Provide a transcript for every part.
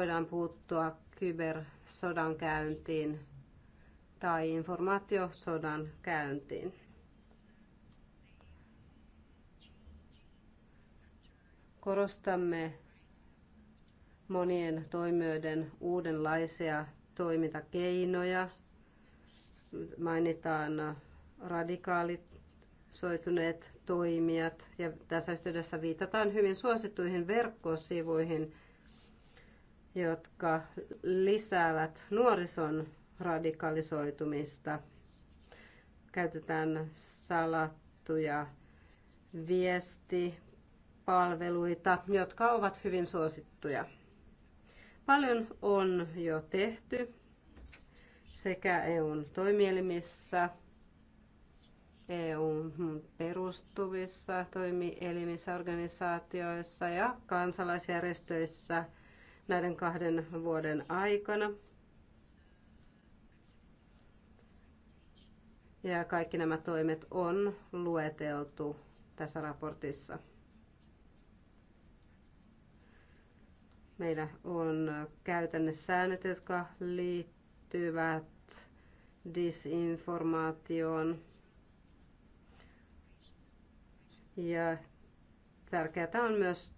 voidaan puuttua kybersodan käyntiin tai informaatiosodan käyntiin. Korostamme monien toimijoiden uudenlaisia toimintakeinoja. Mainitaan radikaalit soituneet toimijat ja tässä yhteydessä viitataan hyvin suosittuihin verkkosivuihin – jotka lisäävät nuorison radikalisoitumista. Käytetään salattuja viestipalveluita, jotka ovat hyvin suosittuja. Paljon on jo tehty sekä EUn toimielimissä, EUn perustuvissa toimielimissä, organisaatioissa ja kansalaisjärjestöissä – näiden kahden vuoden aikana. Ja kaikki nämä toimet on lueteltu tässä raportissa. Meillä on käytännössäännöt, jotka liittyvät disinformaatioon. Ja Tärkeää on myös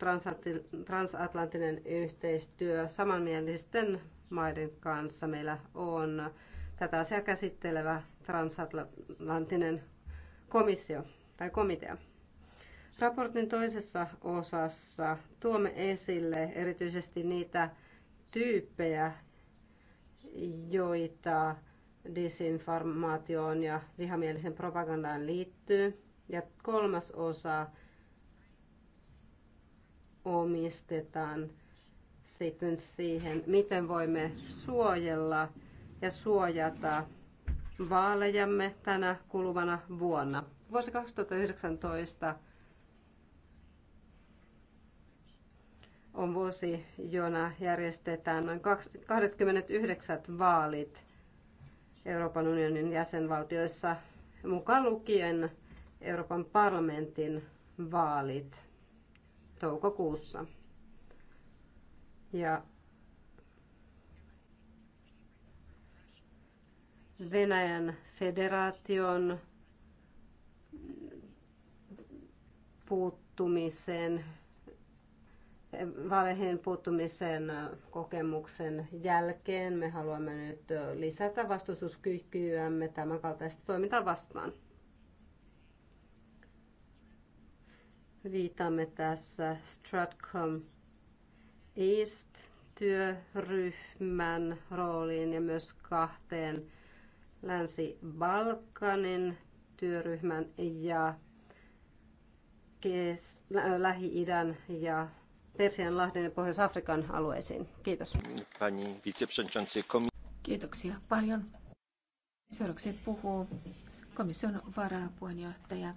transatlanttinen yhteistyö samanmielisten maiden kanssa. Meillä on tätä asiaa käsittelevä transatlanttinen komissio tai komitea. Raportin toisessa osassa tuomme esille erityisesti niitä tyyppejä, joita disinformaatioon ja vihamielisen propagandaan liittyy. Ja kolmas osa omistetaan sitten siihen, miten voimme suojella ja suojata vaalejamme tänä kuluvana vuonna. Vuosi 2019 on vuosi, jona järjestetään noin 29 vaalit Euroopan unionin jäsenvaltioissa, mukaan lukien Euroopan parlamentin vaalit toukokuussa. Ja Venäjän federaation puuttumisen, valheen puuttumisen kokemuksen jälkeen me haluamme nyt lisätä vastustuskykyämme tämän kaltaista toimintaa vastaan. Viitamme tässä Stratcom East-työryhmän rooliin ja myös kahteen Länsi-Balkanin työryhmän ja Lähi-idän ja Persianlahden ja Pohjois-Afrikan alueisiin. Kiitos. Pani Kiitoksia paljon. Seuraavaksi puhuu komission varapuheenjohtaja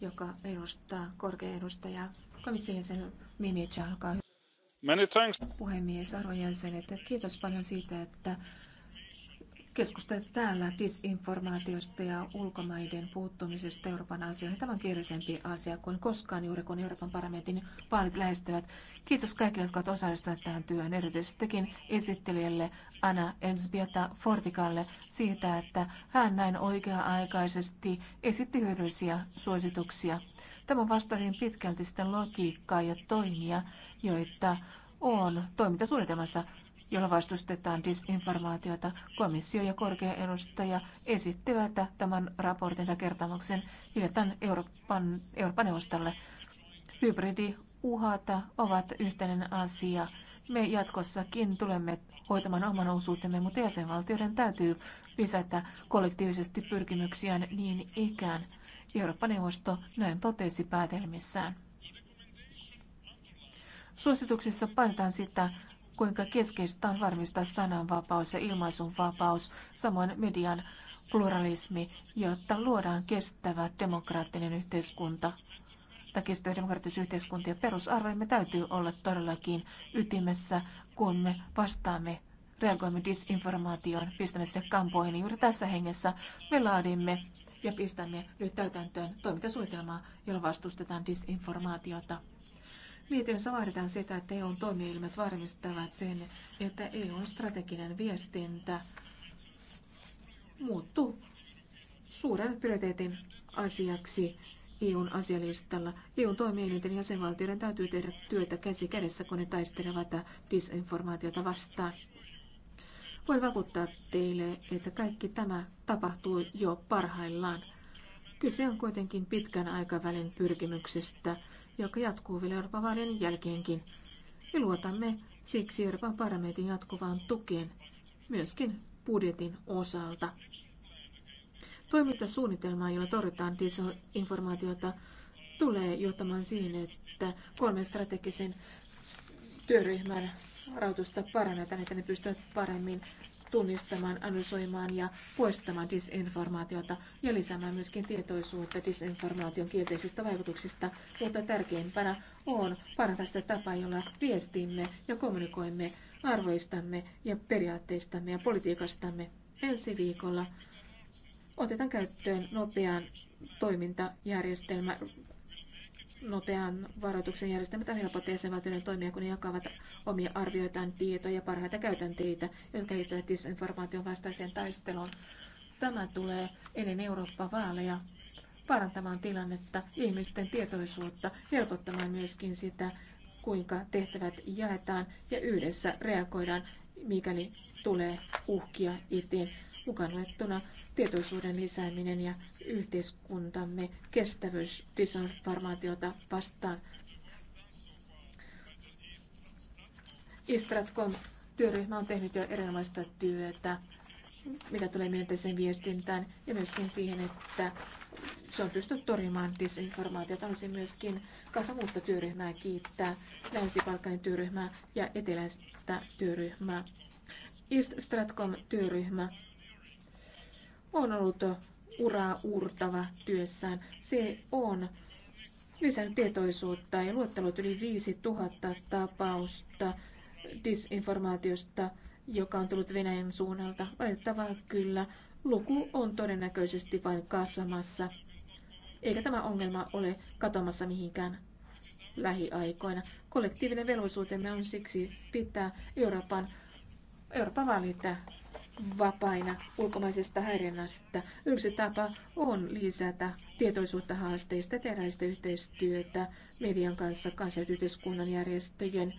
joka edustaa korkea edustaja komission jäsen Mimic, olkaa Puhemies, arvon jäsenet, kiitos paljon siitä, että Keskustelette täällä disinformaatiosta ja ulkomaiden puuttumisesta Euroopan asioihin. Tämä on kiireisempi asia kuin koskaan juuri kun Euroopan parlamentin vaalit lähestyvät. Kiitos kaikille, jotka ovat osallistuneet tähän työhön, Erityisestikin esittelijälle Anna Elsbieta Fortikalle siitä, että hän näin oikea-aikaisesti esitti hyödyllisiä suosituksia. Tämä on hyvin pitkälti sitä logiikkaa ja toimia, joita on toimintasuunnitelmassa jolla vastustetaan disinformaatiota. Komissio ja korkea edustaja esittivät tämän raportin tai kertomuksen hiljattain Euroopan, Euroopan neuvostolle. Hybridiuhat ovat yhteinen asia. Me jatkossakin tulemme hoitamaan oman osuutemme, mutta jäsenvaltioiden täytyy lisätä kollektiivisesti pyrkimyksiään niin ikään. Eurooppa-neuvosto näin totesi päätelmissään. Suosituksissa painetaan sitä, kuinka keskeistä on varmistaa sananvapaus ja ilmaisunvapaus, samoin median pluralismi, jotta luodaan kestävä demokraattinen yhteiskunta. Tai kestävä yhteiskunta ja perusarvojemme täytyy olla todellakin ytimessä, kun me vastaamme reagoimme disinformaatioon, pistämme sinne kampoihin. Juuri tässä hengessä me laadimme ja pistämme nyt täytäntöön toimintasuunnitelmaa, jolla vastustetaan disinformaatiota. Mietinnössä vaaditaan sitä, että EUn toimielimet varmistavat sen, että EUn strateginen viestintä muuttuu suuren prioriteetin asiaksi EUn asialistalla. EUn toimielinten jäsenvaltioiden täytyy tehdä työtä käsi kädessä, kun ne taistelevat disinformaatiota vastaan. Voin vakuuttaa teille, että kaikki tämä tapahtuu jo parhaillaan. Kyse on kuitenkin pitkän aikavälin pyrkimyksestä, joka jatkuu vielä Euroopan vaalien jälkeenkin. Me luotamme siksi Euroopan parlamentin jatkuvaan tukeen, myöskin budjetin osalta. Toimintasuunnitelma, jolla torjutaan disinformaatiota, tulee johtamaan siihen, että kolmen strategisen työryhmän rahoitusta parannetaan, että ne pystyvät paremmin tunnistamaan, analysoimaan ja poistamaan disinformaatiota ja lisäämään myöskin tietoisuutta disinformaation kielteisistä vaikutuksista, mutta tärkeimpänä on parantaa sitä tapaa, jolla viestimme ja kommunikoimme arvoistamme ja periaatteistamme ja politiikastamme ensi viikolla otetaan käyttöön nopean toimintajärjestelmä nopean varoituksen järjestelmä tai helpot jäsenvaltioiden toimia, kun ne jakavat omia arvioitaan tietoja ja parhaita käytänteitä, jotka liittyvät disinformaation vastaiseen taisteluun. Tämä tulee ennen Eurooppa-vaaleja parantamaan tilannetta, ihmisten tietoisuutta, helpottamaan myöskin sitä, kuinka tehtävät jaetaan ja yhdessä reagoidaan, mikäli tulee uhkia eteen mukaan luettuna tietoisuuden lisääminen ja yhteiskuntamme kestävyys disinformaatiota vastaan. Istratcom työryhmä on tehnyt jo erinomaista työtä, mitä tulee myönteiseen viestintään ja myöskin siihen, että se on pystynyt torjumaan disinformaatiota. Haluaisin myöskin kahta muuta työryhmää kiittää, Länsi-Balkanin työryhmää ja Eteläistä työryhmää. East Stratcom työryhmä on ollut uraa uurtava työssään. Se on lisännyt tietoisuutta ja luettelut yli 5000 tapausta disinformaatiosta, joka on tullut Venäjän suunnalta. Valitettavaa kyllä, luku on todennäköisesti vain kasvamassa, eikä tämä ongelma ole katoamassa mihinkään lähiaikoina. Kollektiivinen velvollisuutemme on siksi pitää Euroopan, Euroopan valita vapaina ulkomaisesta häirinnästä. Yksi tapa on lisätä tietoisuutta haasteista ja tehdä yhteistyötä median kanssa, kansalaisyhteiskunnan järjestöjen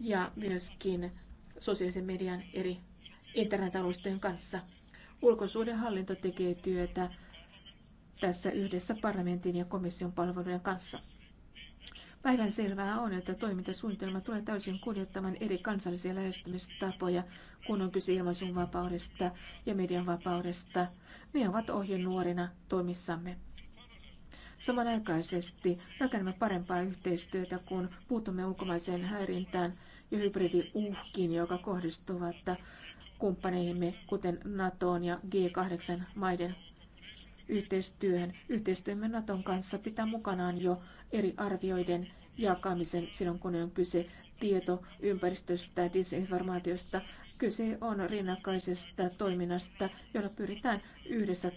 ja myöskin sosiaalisen median eri internetalustojen kanssa. Ulkosuudenhallinto tekee työtä tässä yhdessä parlamentin ja komission palveluiden kanssa. Päivän selvää on, että toimintasuunnitelma tulee täysin kunnioittamaan eri kansallisia lähestymistapoja, kun on kyse ilmaisun vapaudesta ja median vapaudesta. Ne ovat ohjenuorina toimissamme. Samanaikaisesti rakennamme parempaa yhteistyötä, kun puutumme ulkomaiseen häirintään ja hybridiuhkiin, joka kohdistuvat kumppaneihimme, kuten NATOon ja G8-maiden yhteistyöhön. Yhteistyömme Naton kanssa pitää mukanaan jo eri arvioiden jakamisen silloin, kun on kyse tietoympäristöstä, disinformaatiosta. Kyse on rinnakkaisesta toiminnasta, jolla pyritään yhdessä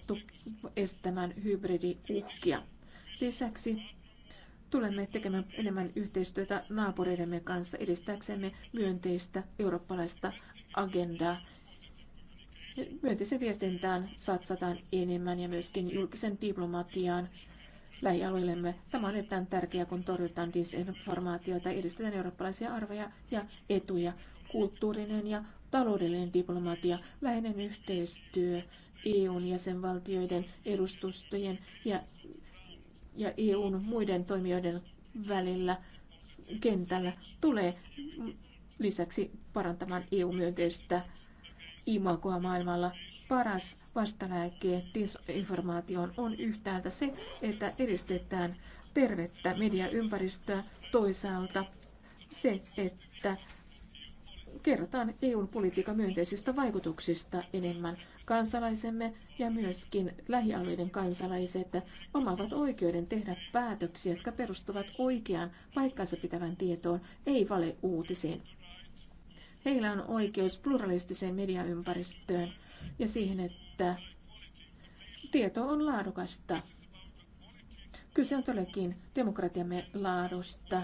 estämään hybridiuhkia. Lisäksi tulemme tekemään enemmän yhteistyötä naapureidemme kanssa edistääksemme myönteistä eurooppalaista agendaa. Myönteisen viestintään satsataan enemmän ja myöskin julkisen diplomatiaan lähialueillemme. Tämä on erittäin tärkeää, kun torjutaan disinformaatiota, edistetään eurooppalaisia arvoja ja etuja. Kulttuurinen ja taloudellinen diplomatia, läheinen yhteistyö EUn jäsenvaltioiden edustustojen ja, ja EUn muiden toimijoiden välillä kentällä tulee lisäksi parantamaan EU-myönteistä imagoa maailmalla paras vastalääke disinformaatioon on yhtäältä se, että edistetään tervettä mediaympäristöä, toisaalta se, että kerrotaan EUn politiikan myönteisistä vaikutuksista enemmän. Kansalaisemme ja myöskin lähialueiden kansalaiset omavat oikeuden tehdä päätöksiä, jotka perustuvat oikeaan paikkansa pitävän tietoon, ei valeuutisiin. Heillä on oikeus pluralistiseen mediaympäristöön ja siihen, että tieto on laadukasta. Kyse on todellakin demokratiamme laadusta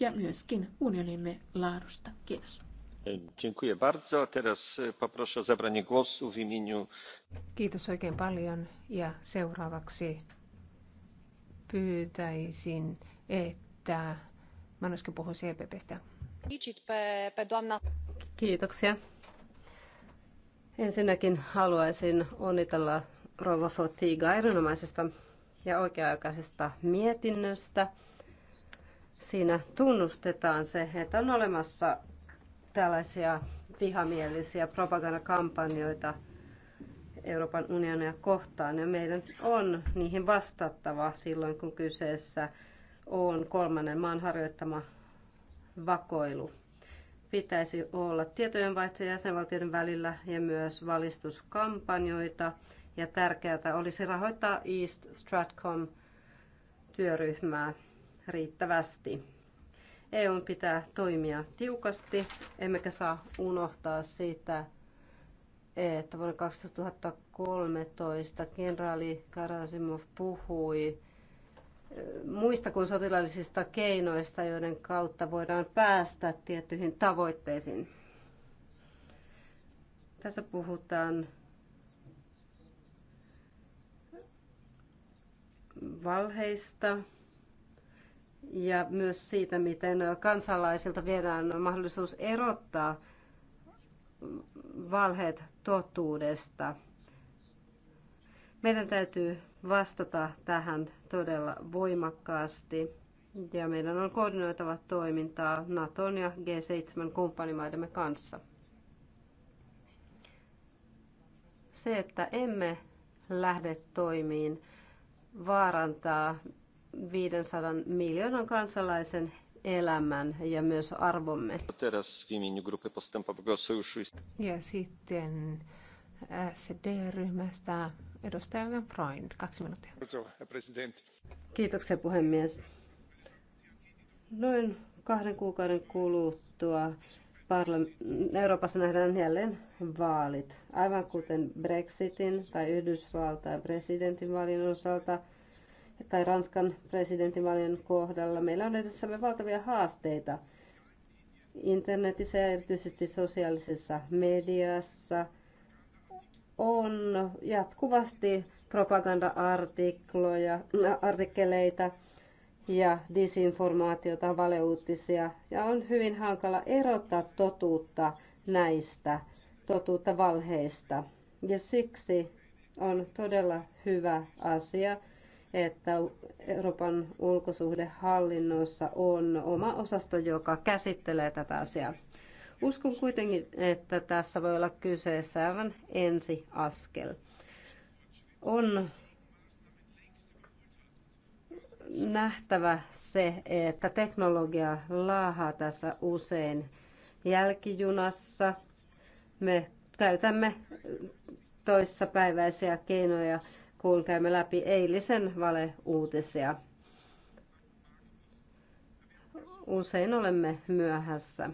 ja myöskin unionimme laadusta. Kiitos. Dziękuję bardzo. Teraz e, poproszę o zabranie głosu w imieniu... Kiitos oikein paljon ja seuraavaksi pyytäisin, että Manuski puhuu CPPstä. E Kiitoksia Ensinnäkin haluaisin onnitella Rova Fotiga erinomaisesta ja oikea-aikaisesta mietinnöstä. Siinä tunnustetaan se, että on olemassa tällaisia vihamielisiä propagandakampanjoita Euroopan unionia kohtaan ja meidän on niihin vastattava silloin, kun kyseessä on kolmannen maan harjoittama vakoilu pitäisi olla tietojenvaihtoja jäsenvaltioiden välillä ja myös valistuskampanjoita. Ja tärkeää olisi rahoittaa East Stratcom-työryhmää riittävästi. EUn pitää toimia tiukasti, emmekä saa unohtaa sitä, että vuonna 2013 kenraali Karasimov puhui muista kuin sotilaallisista keinoista, joiden kautta voidaan päästä tiettyihin tavoitteisiin. Tässä puhutaan valheista ja myös siitä, miten kansalaisilta viedään mahdollisuus erottaa valheet totuudesta. Meidän täytyy vastata tähän todella voimakkaasti. Ja meidän on koordinoitava toimintaa Naton ja G7-kumppanimaidemme kanssa. Se, että emme lähde toimiin, vaarantaa 500 miljoonan kansalaisen elämän ja myös arvomme. Ja sitten SD-ryhmästä Edustaja Freund, kaksi minuuttia. Kiitoksia puhemies. Noin kahden kuukauden kuluttua Euroopassa nähdään jälleen vaalit. Aivan kuten Brexitin tai Yhdysvaltain presidentinvaalin osalta tai Ranskan presidentinvaalien kohdalla meillä on edessämme valtavia haasteita internetissä ja erityisesti sosiaalisessa mediassa – on jatkuvasti propaganda-artikloja, äh, artikkeleita ja disinformaatiota, valeuutisia. Ja on hyvin hankala erottaa totuutta näistä, totuutta valheista. Ja siksi on todella hyvä asia, että Euroopan ulkosuhdehallinnossa on oma osasto, joka käsittelee tätä asiaa. Uskon kuitenkin, että tässä voi olla kyseessä aivan ensi askel. On nähtävä se, että teknologia laahaa tässä usein jälkijunassa. Me käytämme toissapäiväisiä keinoja, kun käymme läpi eilisen valeuutisia. Usein olemme myöhässä.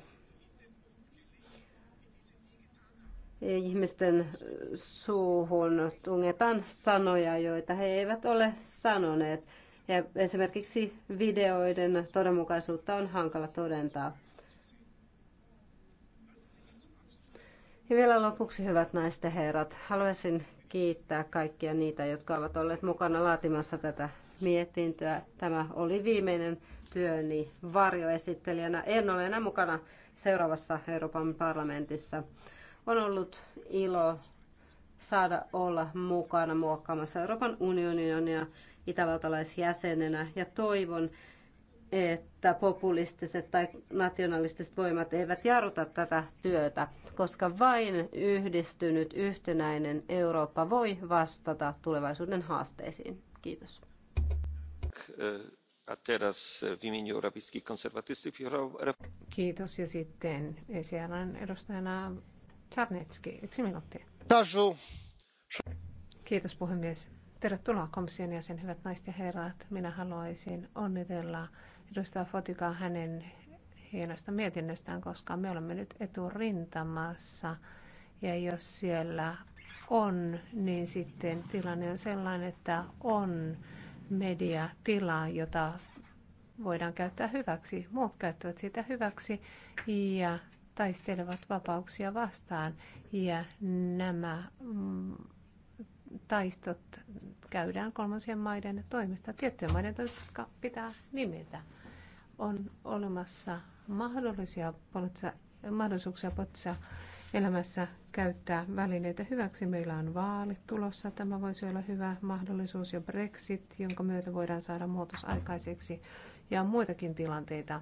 ihmisten suuhun tungetaan sanoja, joita he eivät ole sanoneet. Ja esimerkiksi videoiden todenmukaisuutta on hankala todentaa. Ja vielä lopuksi, hyvät naiset ja herrat, haluaisin kiittää kaikkia niitä, jotka ovat olleet mukana laatimassa tätä mietintöä. Tämä oli viimeinen työni varjoesittelijänä. En ole enää mukana seuraavassa Euroopan parlamentissa. On ollut ilo saada olla mukana muokkaamassa Euroopan unionia itävaltalaisjäsenenä ja toivon, että populistiset tai nationalistiset voimat eivät jarruta tätä työtä, koska vain yhdistynyt yhtenäinen Eurooppa voi vastata tulevaisuuden haasteisiin. Kiitos. Kiitos ja sitten esialan edustajana Czarnecki, yksi minuutti. Tasu. Kiitos puhemies. Tervetuloa komission jäsen, hyvät naiset ja herrat. Minä haluaisin onnitella edustaja Fotikaa hänen hienosta mietinnöstään, koska me olemme nyt eturintamassa. Ja jos siellä on, niin sitten tilanne on sellainen, että on mediatila, jota voidaan käyttää hyväksi. Muut käyttävät sitä hyväksi ja taistelevat vapauksia vastaan ja nämä mm, taistot käydään kolmansien maiden toimesta, tiettyjen maiden toimesta, jotka pitää nimetä. On olemassa mahdollisia mahdollisuuksia poliittisessa elämässä käyttää välineitä hyväksi. Meillä on vaalit tulossa. Tämä voisi olla hyvä mahdollisuus ja Brexit, jonka myötä voidaan saada muutos aikaiseksi ja muitakin tilanteita,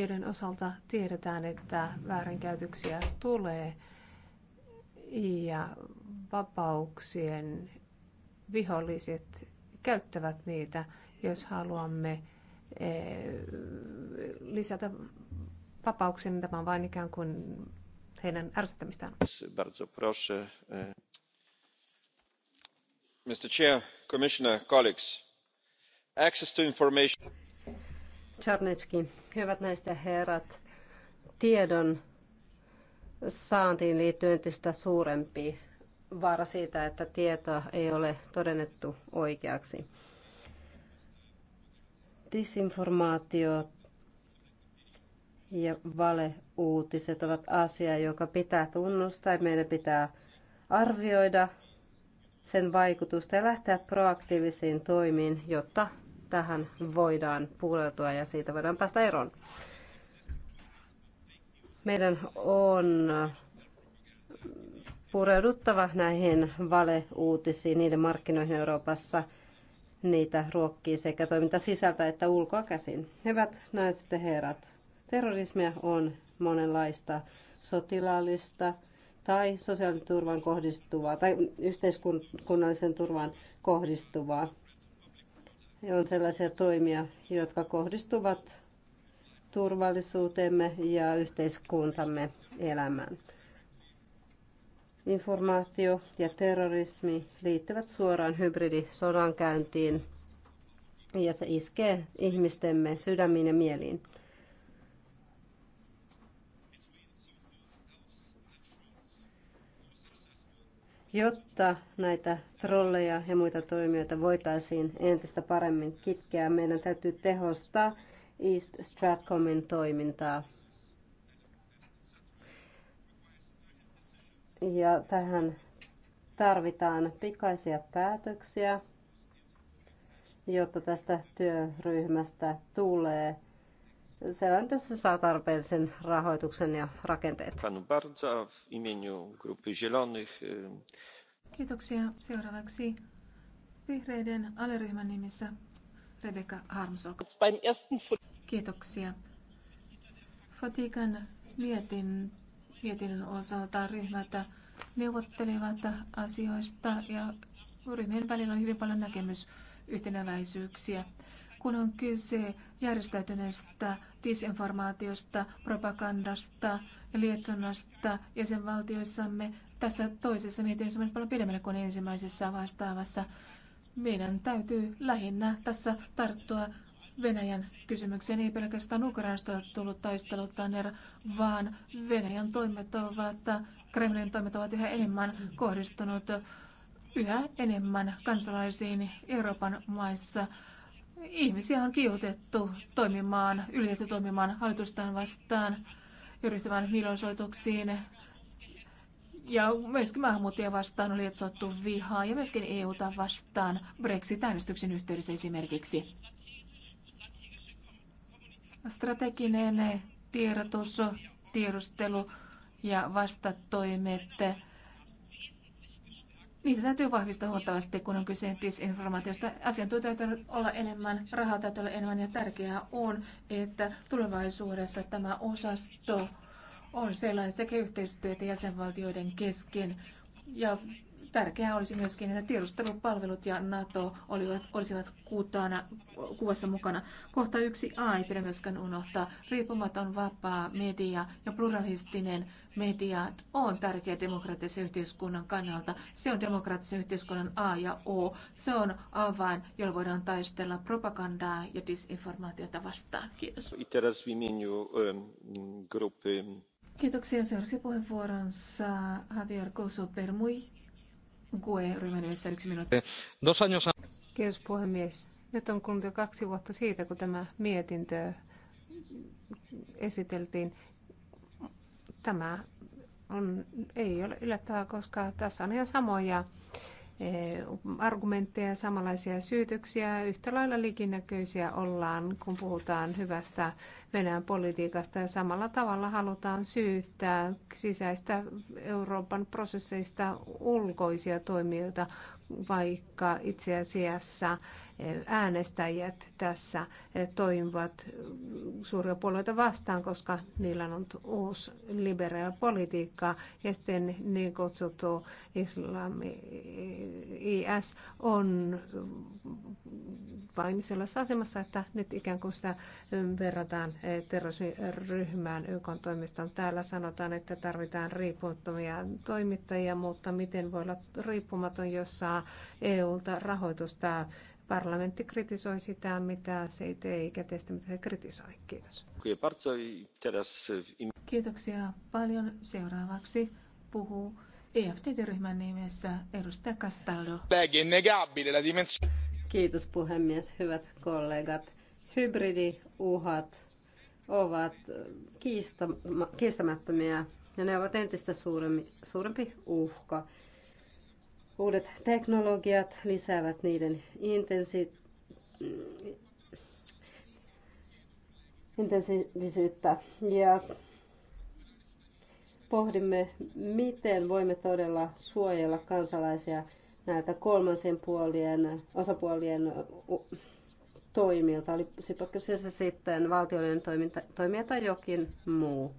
joiden osalta tiedetään, että väärinkäytöksiä tulee ja vapauksien viholliset käyttävät niitä, jos haluamme eh, lisätä vapauksia, niin tämä on vain ikään kuin heidän ärsyttämistään. Bardzo proszę. Eh, Mr. Chair, Commissioner, colleagues, access to information. Czarnecki, hyvät näistä herrat, tiedon saantiin liittyy entistä suurempi vaara siitä, että tietoa ei ole todennettu oikeaksi. Disinformaatio ja valeuutiset ovat asia, joka pitää tunnustaa ja meidän pitää arvioida sen vaikutusta ja lähteä proaktiivisiin toimiin, jotta tähän voidaan pureutua ja siitä voidaan päästä eroon. Meidän on pureuduttava näihin valeuutisiin, niiden markkinoihin Euroopassa. Niitä ruokkii sekä toiminta sisältä että ulkoa käsin. Hyvät naiset ja herrat, terrorismia on monenlaista sotilaallista tai sosiaaliturvan kohdistuvaa tai yhteiskunnallisen turvan kohdistuvaa on sellaisia toimia, jotka kohdistuvat turvallisuuteemme ja yhteiskuntamme elämään. Informaatio ja terrorismi liittyvät suoraan hybridisodankäyntiin ja se iskee ihmistemme sydämiin ja mieliin. Jotta näitä trolleja ja muita toimijoita voitaisiin entistä paremmin kitkeä, meidän täytyy tehostaa East Stratcomin toimintaa. Ja tähän tarvitaan pikaisia päätöksiä, jotta tästä työryhmästä tulee Seelantissa saa tarpeellisen rahoituksen ja rakenteet. Kiitoksia. Seuraavaksi vihreiden aleryhmän nimissä Rebecca Harmsok. Kiitoksia. Fatikan mietin, mietinnön osalta ryhmät neuvottelivat asioista ja ryhmien välillä on hyvin paljon näkemysyhtenäväisyyksiä kun on kyse järjestäytyneestä disinformaatiosta, propagandasta ja lietsonnasta jäsenvaltioissamme. Tässä toisessa mietinnössä myös paljon pidemmälle kuin ensimmäisessä vastaavassa. Meidän täytyy lähinnä tässä tarttua Venäjän kysymykseen. Ei pelkästään Ukrainasta ole tullut taistelutanner, vaan Venäjän toimet ovat, Kremlin toimet ovat yhä enemmän kohdistunut yhä enemmän kansalaisiin Euroopan maissa Ihmisiä on kiihotettu toimimaan, ylitetty toimimaan hallitustaan vastaan, yrittämään mielenosoituksiin ja myöskin maahanmuuttajia vastaan oli lietsottu vihaa ja myöskin EUta vastaan Brexit-äänestyksen yhteydessä esimerkiksi. Strateginen tiedotus, tiedustelu ja vastatoimet Niitä täytyy vahvistaa huomattavasti, kun on kyse disinformaatiosta. Asiantuntijoita täytyy olla enemmän, rahaa täytyy olla enemmän ja tärkeää on, että tulevaisuudessa tämä osasto on sellainen sekä yhteistyötä jäsenvaltioiden kesken ja Tärkeää olisi myöskin, että tiedustelupalvelut ja NATO olivat, olisivat kuutana, kuvassa mukana. Kohta yksi A ei pidä myöskään unohtaa. Riippumaton vapaa media ja pluralistinen media on tärkeä demokraattisen yhteiskunnan kannalta. Se on demokraattisen yhteiskunnan A ja O. Se on avain, jolla voidaan taistella propagandaa ja disinformaatiota vastaan. Kiitos. Kiitoksia. Seuraavaksi puheenvuoron saa Javier Coso Permui GUE-ryhmän nimessä yksi minuutti. Kiitos puhemies. Nyt on kulunut jo kaksi vuotta siitä, kun tämä mietintö esiteltiin. Tämä on, ei ole yllättävää, koska tässä on ihan samoja eh, argumentteja, samanlaisia syytöksiä, yhtä lailla likinäköisiä ollaan, kun puhutaan hyvästä Venäjän politiikasta ja samalla tavalla halutaan syyttää sisäistä Euroopan prosesseista ulkoisia toimijoita, vaikka itse asiassa äänestäjät tässä toimivat suuria puolueita vastaan, koska niillä on uusi liberaali politiikka ja sitten niin kutsuttu islami IS on vain sellaisessa asemassa, että nyt ikään kuin sitä verrataan terrorismiryhmään YK toimista. Täällä sanotaan, että tarvitaan riippumattomia toimittajia, mutta miten voi olla riippumaton, jos saa EUlta rahoitusta? Parlamentti kritisoi sitä, mitä se ei tee, eikä tee sitä, mitä se kritisoi. Kiitos. Kiitoksia paljon. Seuraavaksi puhuu EFTD-ryhmän nimessä edustaja Castaldo. Kiitos puhemies, hyvät kollegat. Hybridiuhat ovat kiistämättömiä ja ne ovat entistä suurempi, suurempi uhka. Uudet teknologiat lisäävät niiden intensi- intensiivisyyttä ja pohdimme, miten voimme todella suojella kansalaisia – näiltä kolmansien puolien, osapuolien toimilta, oli kyseessä sitten valtioiden toiminta, toimija tai jokin muu.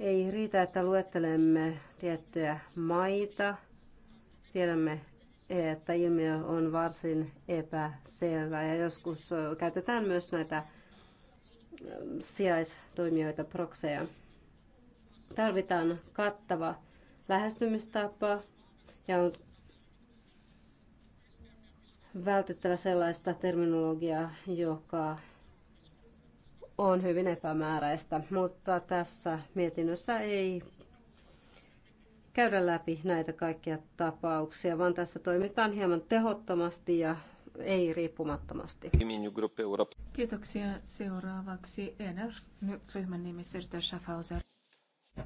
Ei riitä, että luettelemme tiettyjä maita. Tiedämme, että ilmiö on varsin epäselvä ja joskus käytetään myös näitä sijaistoimijoita, prokseja. Tarvitaan kattava lähestymistapa ja on vältettävä sellaista terminologiaa, joka on hyvin epämääräistä, mutta tässä mietinnössä ei käydä läpi näitä kaikkia tapauksia, vaan tässä toimitaan hieman tehottomasti ja ei riippumattomasti. Kiitoksia. Seuraavaksi ENR-ryhmän Sirte Schaffhauser.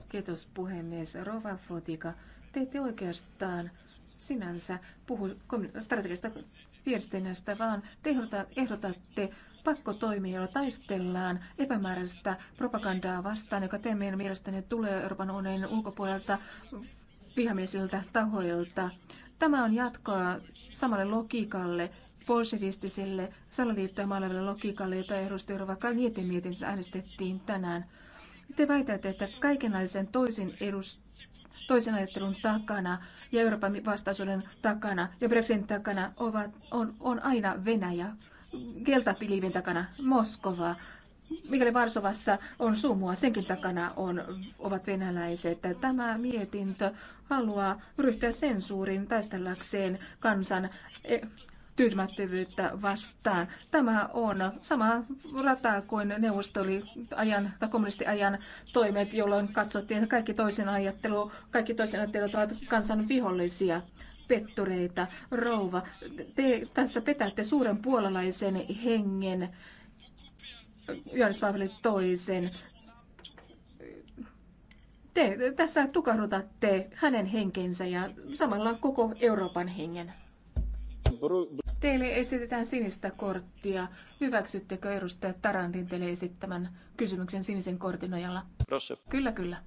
Kiitos puhemies. Rova Fotika, te ette oikeastaan sinänsä puhu strategisesta viestinnästä, vaan te ehdotatte pakkotoimia, joilla taistellaan epämääräistä propagandaa vastaan, joka teidän mielestänne tulee Euroopan unionin ulkopuolelta vihamiesiltä tahoilta. Tämä on jatkoa samalle logiikalle, bolshevistiselle salaliittoja maalalle logiikalle, jota ehdosti Rova Kalnietin mietintä äänestettiin tänään. Te väitätte, että kaikenlaisen toisin edus, toisen ajattelun takana ja Euroopan vastaisuuden takana ja Brexitin takana ovat, on, on aina Venäjä, keltapilivin takana Moskova, mikäli Varsovassa on sumua, senkin takana on, ovat venäläiset. Tämä mietintö haluaa ryhtyä sensuuriin taistellakseen kansan eh, tyytymättömyyttä vastaan. Tämä on sama rata kuin neuvostoliajan tai kommunistiajan toimet, jolloin katsottiin, että kaikki toisen ajattelu, kaikki toisen ajattelu ovat kansan vihollisia pettureita, rouva. Te tässä petätte suuren puolalaisen hengen, Johannes Paavali toisen. Te tässä tukahdutatte hänen henkensä ja samalla koko Euroopan hengen. Teille esitetään sinistä korttia. Hyväksyttekö edustaja Tarantin teille esittämän kysymyksen sinisen kortin nojalla? Rosse. Kyllä, kyllä.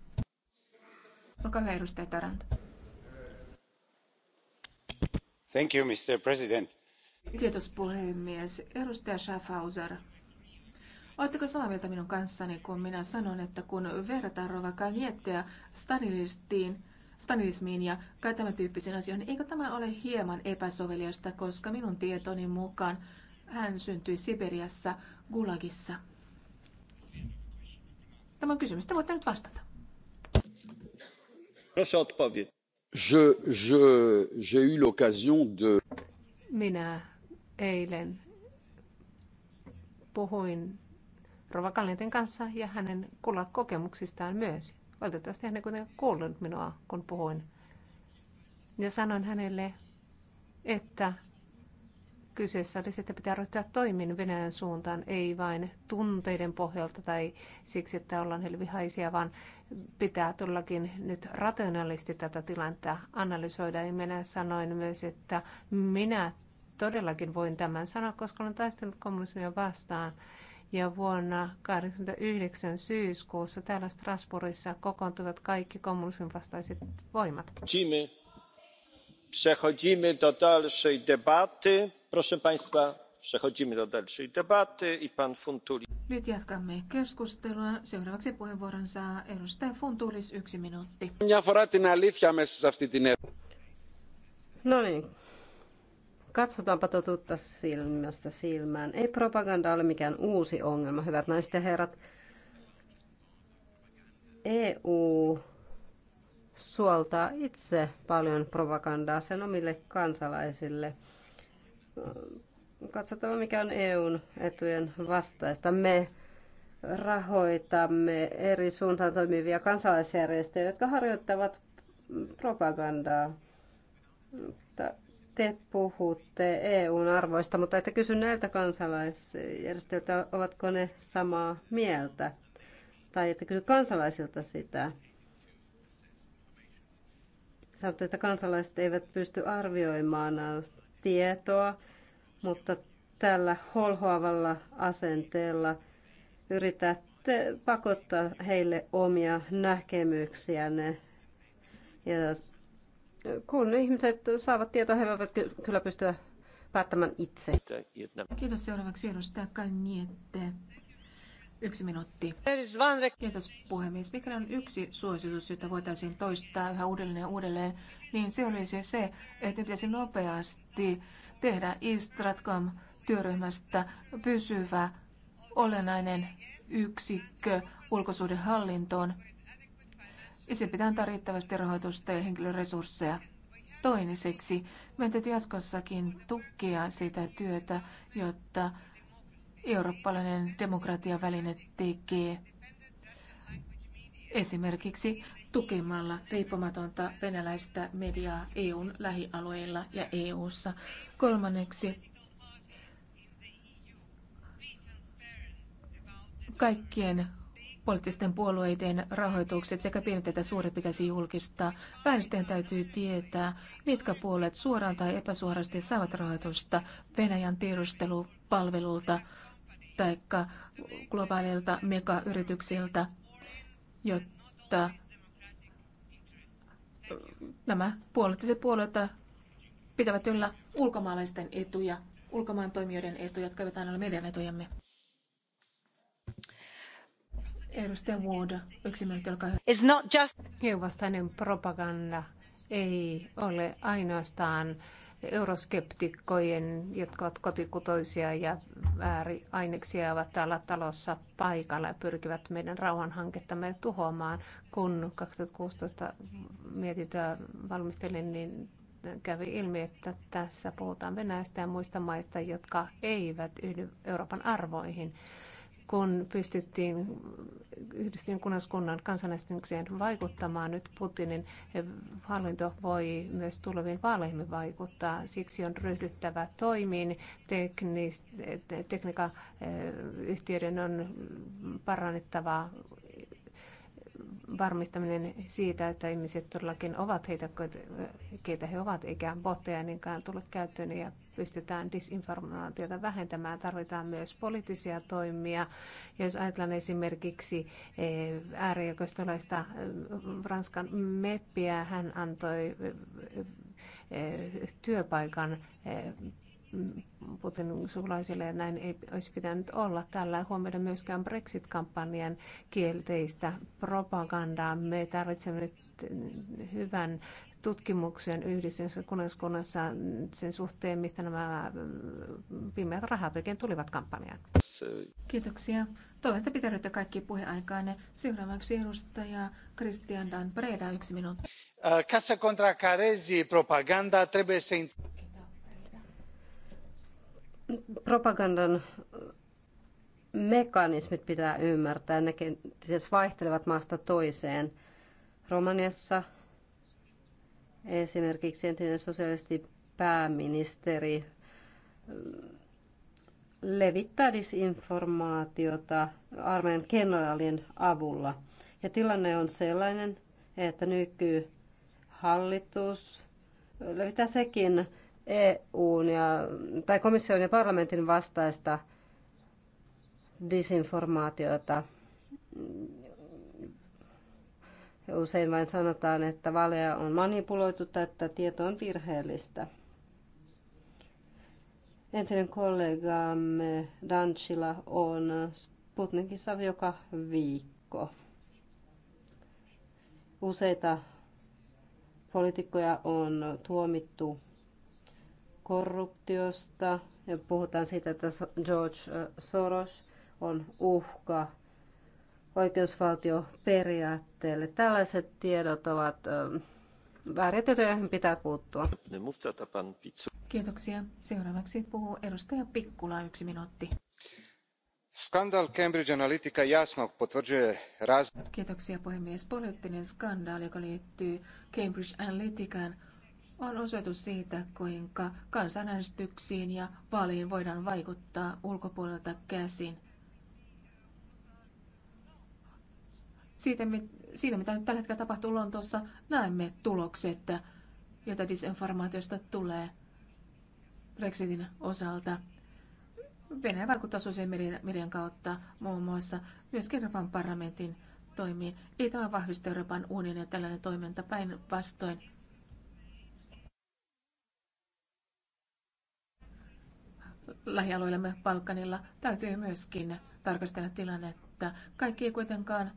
Olkaa hyvä, edustaja Tarant. Thank you, Mr. President. Kiitos puhemies. Edustaja Schaffhauser. Oletteko samaa mieltä minun kanssani, kun minä sanon, että kun verrataan rovakaan miettiä Stanilistiin, stalinismiin ja kai tämän tyyppisiin asioihin. Eikö tämä ole hieman epäsoveliasta, koska minun tietoni mukaan hän syntyi Siberiassa Gulagissa? Tämä on kysymys, te voitte nyt vastata. Proszę Je, je, j'ai eu l'occasion de... Minä eilen puhuin Rova kanssa ja hänen kokemuksistaan myös. Valitettavasti hän ei kuitenkaan kuullut minua, kun puhuin. Ja sanoin hänelle, että kyseessä oli se, että pitää ryhtyä toimiin Venäjän suuntaan, ei vain tunteiden pohjalta tai siksi, että ollaan heille vihaisia, vaan pitää todellakin nyt rationaalisti tätä tilannetta analysoida. Ja minä sanoin myös, että minä todellakin voin tämän sanoa, koska olen taistellut kommunismia vastaan ja vuonna 1989 syyskuussa täällä Strasbourgissa kokoontuivat kaikki kommunismin vastaiset voimat. Przechodzimy do dalszej debaty. Proszę Państwa, przechodzimy do dalszej debaty i pan Funtuli. Nyt jatkamme keskustelua. Seuraavaksi puheenvuoron saa edustaja Funtulis yksi minuutti. Μια φορά την αλήθεια μέσα σε αυτή την No niin, katsotaanpa totuutta silmästä silmään. Ei propaganda ole mikään uusi ongelma, hyvät naiset ja herrat. EU suoltaa itse paljon propagandaa sen omille kansalaisille. Katsotaan, mikä on EUn etujen vastaista. Me rahoitamme eri suuntaan toimivia kansalaisjärjestöjä, jotka harjoittavat propagandaa te puhutte EUn arvoista, mutta että kysyn näiltä kansalaisjärjestöiltä, ovatko ne samaa mieltä. Tai että kysy kansalaisilta sitä. Sanotte, että kansalaiset eivät pysty arvioimaan tietoa, mutta tällä holhoavalla asenteella yritätte pakottaa heille omia näkemyksiänne ja kun ihmiset saavat tietoa, he voivat kyllä pystyä päättämään itse. Kiitos seuraavaksi edustaja Kanniette. Yksi minuutti. Kiitos puhemies. Mikä on yksi suositus, jota voitaisiin toistaa yhä uudelleen ja uudelleen, niin se olisi se, että pitäisi nopeasti tehdä Istratcom työryhmästä pysyvä olennainen yksikkö hallintoon sen pitää antaa riittävästi rahoitusta ja henkilöresursseja. Toiseksi meidän täytyy jatkossakin tukea sitä työtä, jotta eurooppalainen demokratiaväline tekee esimerkiksi tukemalla riippumatonta venäläistä mediaa EUn lähialueilla ja EUssa. Kolmanneksi kaikkien poliittisten puolueiden rahoitukset sekä pienet että suuret pitäisi julkistaa. Äänestäjän täytyy tietää, mitkä puolet suoraan tai epäsuorasti saavat rahoitusta Venäjän tiedustelupalvelulta tai globaalilta megayrityksiltä, jotta nämä puolueet, puolueet pitävät yllä ulkomaalaisten etuja, ulkomaan toimijoiden etuja, jotka eivät aina ole meidän etujamme. Edustaja Ward, yksi minuutti, olkaa hyvä. It's not just... Kiuvastainen propaganda ei ole ainoastaan euroskeptikkojen, jotka ovat kotikutoisia ja ääriaineksia ovat täällä talossa paikalla ja pyrkivät meidän rauhanhankettamme tuhoamaan. Kun 2016 mietintöä valmistelin, niin kävi ilmi, että tässä puhutaan Venäjästä ja muista maista, jotka eivät yhdy Euroopan arvoihin kun pystyttiin yhdistyneen kunnaskunnan kansanäänestykseen vaikuttamaan. Nyt Putinin hallinto voi myös tuleviin vaaleihin vaikuttaa. Siksi on ryhdyttävä toimiin. Teknis, tekniikayhtiöiden eh, on parannettava varmistaminen siitä, että ihmiset todellakin ovat heitä, keitä he ovat, eikä botteja niinkään tule käyttöön ja pystytään disinformaatiota vähentämään. Tarvitaan myös poliittisia toimia. Jos ajatellaan esimerkiksi eh, äärioikeistolaista eh, Ranskan meppiä, hän antoi eh, työpaikan Putinin sukulaisille, ja näin ei olisi pitänyt olla. Tällä huomioida myöskään Brexit-kampanjan kielteistä propagandaa. Me tarvitsemme nyt hyvän tutkimuksen yhdistyksessä kuningaskunnassa sen suhteen, mistä nämä pimeät rahat oikein tulivat kampanjaan. Kiitoksia. Toivon, että pitäydytte kaikki puheaikaanne. Seuraavaksi edustaja Christian Dan Preda, yksi minuutti. Ca să contracarezi propaganda, trebuie să propagandan mekanismit pitää ymmärtää. Ne kenties vaihtelevat maasta toiseen. Romaniassa esimerkiksi entinen sosialisti pääministeri levittää disinformaatiota armeijan kenraalien avulla. Ja tilanne on sellainen, että nykyhallitus levittää sekin EUn ja, tai komission ja parlamentin vastaista disinformaatiota. Usein vain sanotaan, että valea on manipuloitu tai että tieto on virheellistä. Entinen kollegamme Dancila on Sputnikissa joka viikko. Useita poliitikkoja on tuomittu korruptiosta ja puhutaan siitä, että George äh, Soros on uhka oikeusvaltioperiaatteelle. Tällaiset tiedot ovat ähm, vääriä tietoja, joihin pitää puuttua. Kiitoksia. Seuraavaksi puhuu edustaja Pikkula, yksi minuutti. Skandal Cambridge Analytica jasno potvrđuje raz... Kiitoksia puhemies. Poliittinen skandaali, joka liittyy Cambridge Analyticaan, on osoitus siitä, kuinka kansanäänestyksiin ja vaaliin voidaan vaikuttaa ulkopuolelta käsin. Siitä, siinä, mitä nyt tällä hetkellä tapahtuu Lontoossa, näemme tulokset, joita disinformaatiosta tulee Brexitin osalta. Venäjä vaikuttaa sosiaalisen median kautta muun muassa myös Euroopan parlamentin toimiin. Ei tämä vahvista Euroopan unionia tällainen toiminta päinvastoin lähialueillemme Balkanilla, täytyy myöskin tarkastella tilannetta. Kaikki ei kuitenkaan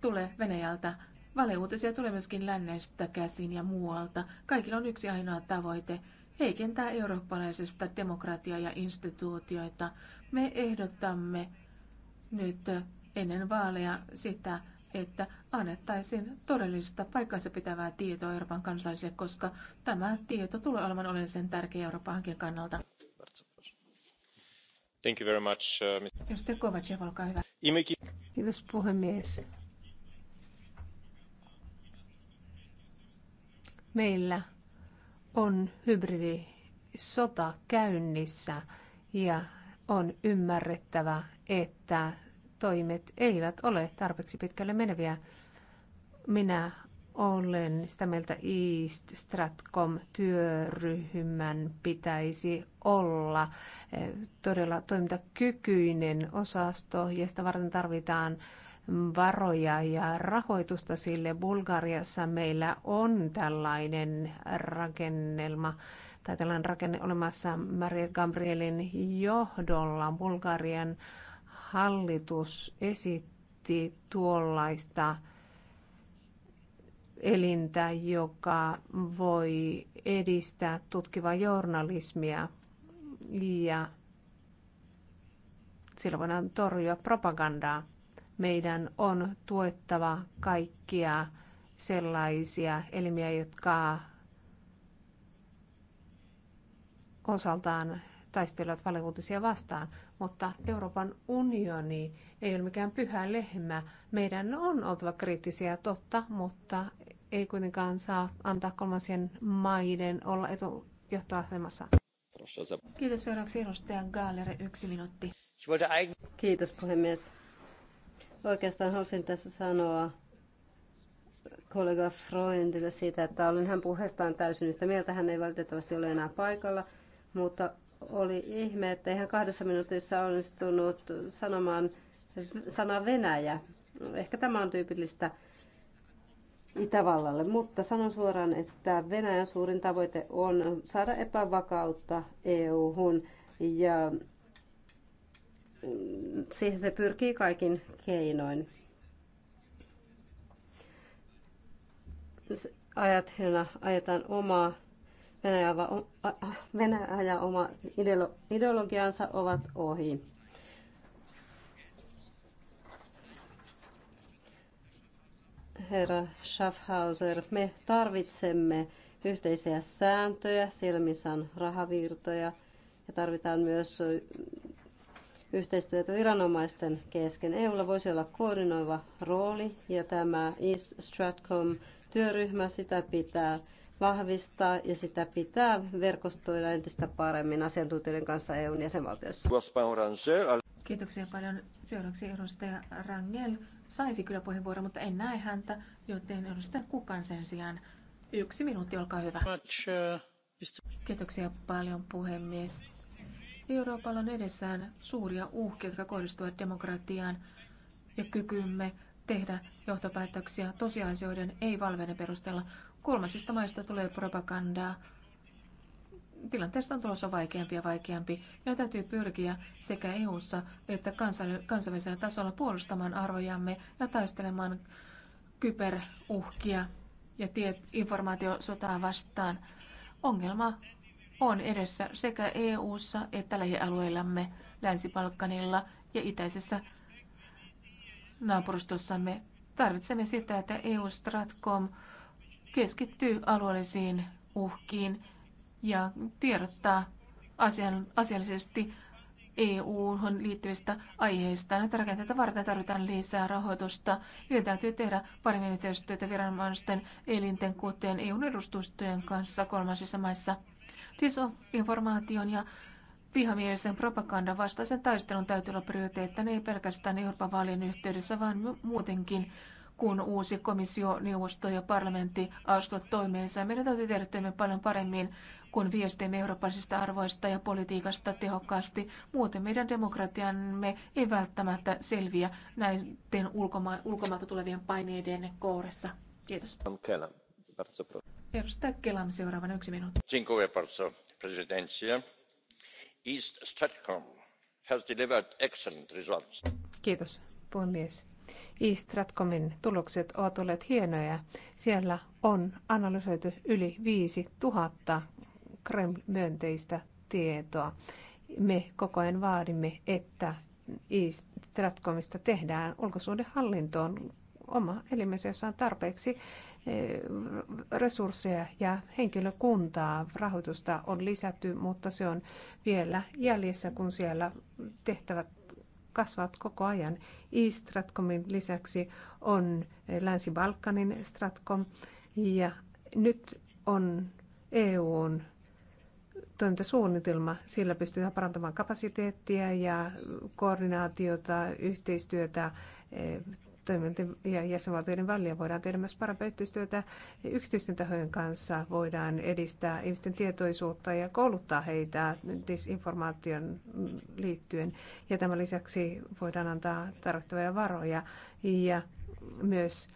tule Venäjältä. Valeuutisia tulee myöskin lännestä käsin ja muualta. Kaikilla on yksi ainoa tavoite, heikentää eurooppalaisesta demokratiaa ja instituutioita. Me ehdottamme nyt ennen vaaleja sitä, että annettaisiin todellista paikkansa pitävää tietoa Euroopan kansalaisille, koska tämä tieto tulee olemaan olennaisen tärkeä Euroopan hankkeen kannalta. Thank uh, Kiitos puhemies. Meillä on hybridisota käynnissä ja on ymmärrettävä, että toimet eivät ole tarpeeksi pitkälle meneviä. Minä olen sitä mieltä East Stratcom-työryhmän pitäisi olla eh, todella toimintakykyinen osasto ja sitä varten tarvitaan varoja ja rahoitusta sille. Bulgariassa meillä on tällainen rakennelma tai tällainen rakenne olemassa Maria Gabrielin johdolla. Bulgarian hallitus esitti tuollaista elintä, joka voi edistää tutkivaa journalismia ja sillä voidaan torjua propagandaa. Meidän on tuettava kaikkia sellaisia elimiä, jotka osaltaan taistelevat valiokuntisia vastaan, mutta Euroopan unioni ei ole mikään pyhä lehmä. Meidän on oltava kriittisiä totta, mutta ei kuitenkaan saa antaa kolmansien maiden olla etujohtoasemassa. Kiitos seuraavaksi edustaja Gaalere, yksi minuutti. Kiitos puhemies. Oikeastaan halusin tässä sanoa kollega Freundille siitä, että olen hän puheestaan täysin yhtä mieltä. Hän ei valitettavasti ole enää paikalla, mutta oli ihme, että ihan kahdessa minuutissa onnistunut sanomaan sana Venäjä. Ehkä tämä on tyypillistä Itävallalle, mutta sanon suoraan, että Venäjän suurin tavoite on saada epävakautta EU-hun ja mm, siihen se pyrkii kaikin keinoin. Ajatena ajetaan omaa Venäjä, Venäjä ja oma ideologiansa ovat ohi. herra Schaffhauser, me tarvitsemme yhteisiä sääntöjä siellä, missä on rahavirtoja ja tarvitaan myös yhteistyötä viranomaisten kesken. EUlla voisi olla koordinoiva rooli ja tämä East Stratcom työryhmä sitä pitää vahvistaa ja sitä pitää verkostoida entistä paremmin asiantuntijoiden kanssa EUn jäsenvaltioissa. Kiitoksia paljon. Seuraavaksi edustaja Rangel saisi kyllä puheenvuoron, mutta en näe häntä, joten edustaja Kukan sen sijaan. Yksi minuutti, olkaa hyvä. Uh, Kiitoksia paljon puhemies. Euroopalla on edessään suuria uhkia, jotka kohdistuvat demokratiaan ja kykymme tehdä johtopäätöksiä tosiasioiden ei valveiden perusteella. Kolmasista maista tulee propagandaa tilanteesta on tulossa vaikeampi ja vaikeampi, ja täytyy pyrkiä sekä EU-ssa että kansainvälisellä tasolla puolustamaan arvojamme ja taistelemaan kyberuhkia ja tiet, informaatiosotaa vastaan. Ongelma on edessä sekä EU-ssa että lähialueillamme, Länsi-Balkanilla ja itäisessä naapurustossamme. Tarvitsemme sitä, että EU-Stratcom keskittyy alueellisiin uhkiin ja tiedottaa asian, asiallisesti EU-hun liittyvistä aiheista. Näitä rakenteita varten tarvitaan lisää rahoitusta. Niiden täytyy tehdä paremmin yhteistyötä viranomaisten elinten, kuten EU-edustustojen kanssa kolmansissa maissa. Disinformaation ja vihamielisen propagandan vastaisen taistelun täytyy olla prioriteettina ei pelkästään Euroopan vaalien yhteydessä, vaan muutenkin kun uusi komissio, neuvosto ja parlamentti astuvat toimeensa. Meidän täytyy tehdä paljon paremmin kun viestimme eurooppalaisista arvoista ja politiikasta tehokkaasti. Muuten meidän demokratiamme ei välttämättä selviä näiden ulkoma- ulkomailta tulevien paineiden kourissa. Kiitos. Edustaja Kelam, seuraavan yksi minuutti. Dziękuję bardzo, presidencia. East Stratcom has delivered excellent results. Kiitos, puhemies. Stratcomin tulokset ovat olleet hienoja. Siellä on analysoitu yli 5000 Kreml-myönteistä tietoa. Me koko ajan vaadimme, että Stratcomista tehdään ulkosuhdehallintoon oma elimensä, jossa on tarpeeksi eh, resursseja ja henkilökuntaa. Rahoitusta on lisätty, mutta se on vielä jäljessä, kun siellä tehtävät kasvavat koko ajan. E-Stratcomin lisäksi on Länsi-Balkanin Stratcom ja nyt on EUn toimintasuunnitelma. Sillä pystytään parantamaan kapasiteettia ja koordinaatiota, yhteistyötä e, toimintojen ja jäsenvaltioiden välillä. Voidaan tehdä myös parempaa yhteistyötä yksityisten tahojen kanssa. Voidaan edistää ihmisten tietoisuutta ja kouluttaa heitä disinformaation liittyen. Ja tämän lisäksi voidaan antaa tarvittavia varoja ja myös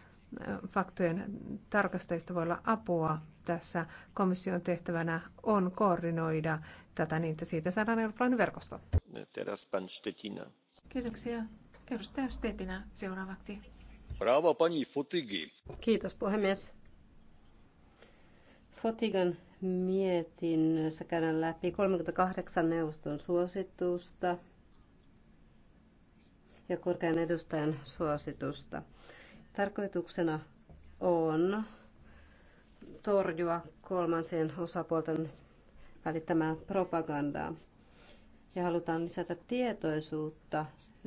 faktojen tarkastajista voi olla apua tässä komission tehtävänä on koordinoida tätä niin, että siitä saadaan eurooppalainen verkosto. Kiitoksia. Edustaja Stetina seuraavaksi. Bravo, pani Fotigi. Kiitos puhemies. Fotigan mietinnössä käydään läpi 38 neuvoston suositusta ja korkean edustajan suositusta. Tarkoituksena on torjua kolmansien osapuolten välittämää propagandaa. Ja halutaan lisätä tietoisuutta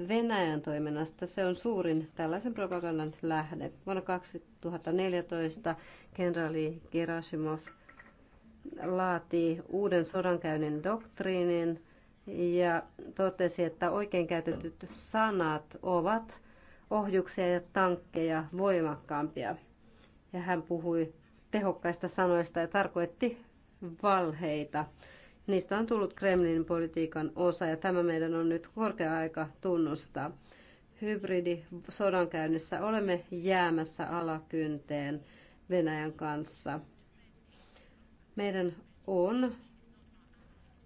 Venäjän toiminnasta. Se on suurin tällaisen propagandan lähde. Vuonna 2014 kenraali Gerasimov laati uuden sodankäynnin doktriinin ja totesi, että oikein käytetyt sanat ovat ohjuksia ja tankkeja voimakkaampia. Ja hän puhui tehokkaista sanoista ja tarkoitti valheita. Niistä on tullut Kremlin politiikan osa ja tämä meidän on nyt korkea aika tunnustaa. Hybridisodankäynnissä olemme jäämässä alakynteen Venäjän kanssa. Meidän on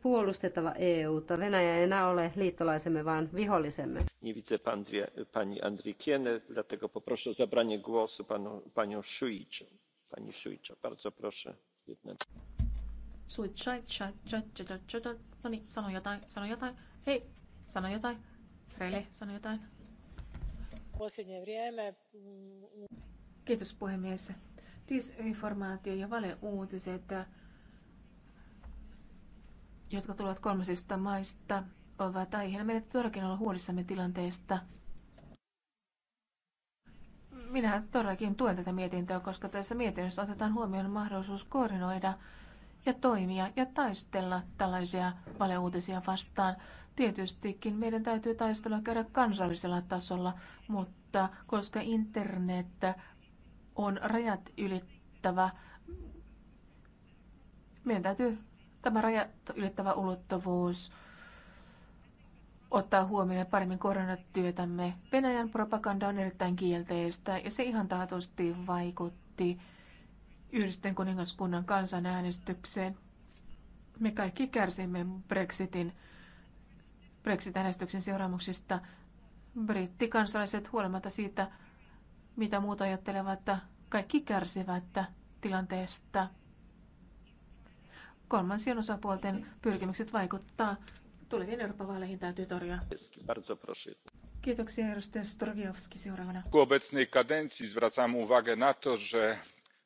puolustettava EUta. Venäjä ei enää ole liittolaisemme, vaan vihollisemme. Nie widzę pani pani Kiene, dlatego poproszę o zabranie głosu panią Szuiczą Pani Suitsa, bardzo proszę. Jedna. Suitsa, cha, cha, cha, cha, cha, cha. No niin, sano jotain, sano jotain. Hei, sano jotain. Rele, sano jotain. Kiitos puhemies. Disinformaatio ja valeuutiset, jotka tulevat kolmasista maista, ovat aiheena. Meidän todellakin olla huolissamme tilanteesta – minä todellakin tuen tätä mietintöä, koska tässä mietinnössä otetaan huomioon mahdollisuus koordinoida ja toimia ja taistella tällaisia valeuutisia vastaan. Tietystikin meidän täytyy taistella käydä kansallisella tasolla, mutta koska internet on rajat ylittävä, meidän täytyy tämä rajat ylittävä ulottuvuus ottaa huomioon ja paremmin koronatyötämme. Venäjän propaganda on erittäin kielteistä ja se ihan taatusti vaikutti Yhdisten kuningaskunnan kansanäänestykseen. Me kaikki kärsimme Brexitin, Brexit-äänestyksen seuraamuksista. Brittikansalaiset huolimatta siitä, mitä muuta ajattelevat, että kaikki kärsivät tilanteesta. Kolmansien osapuolten pyrkimykset vaikuttaa Tulevien Euroopan vaaleihin täytyy torjua. Kiitoksia edustaja Strogiowski seuraavana. Obecnej kadencji zwracam uwagę na to, że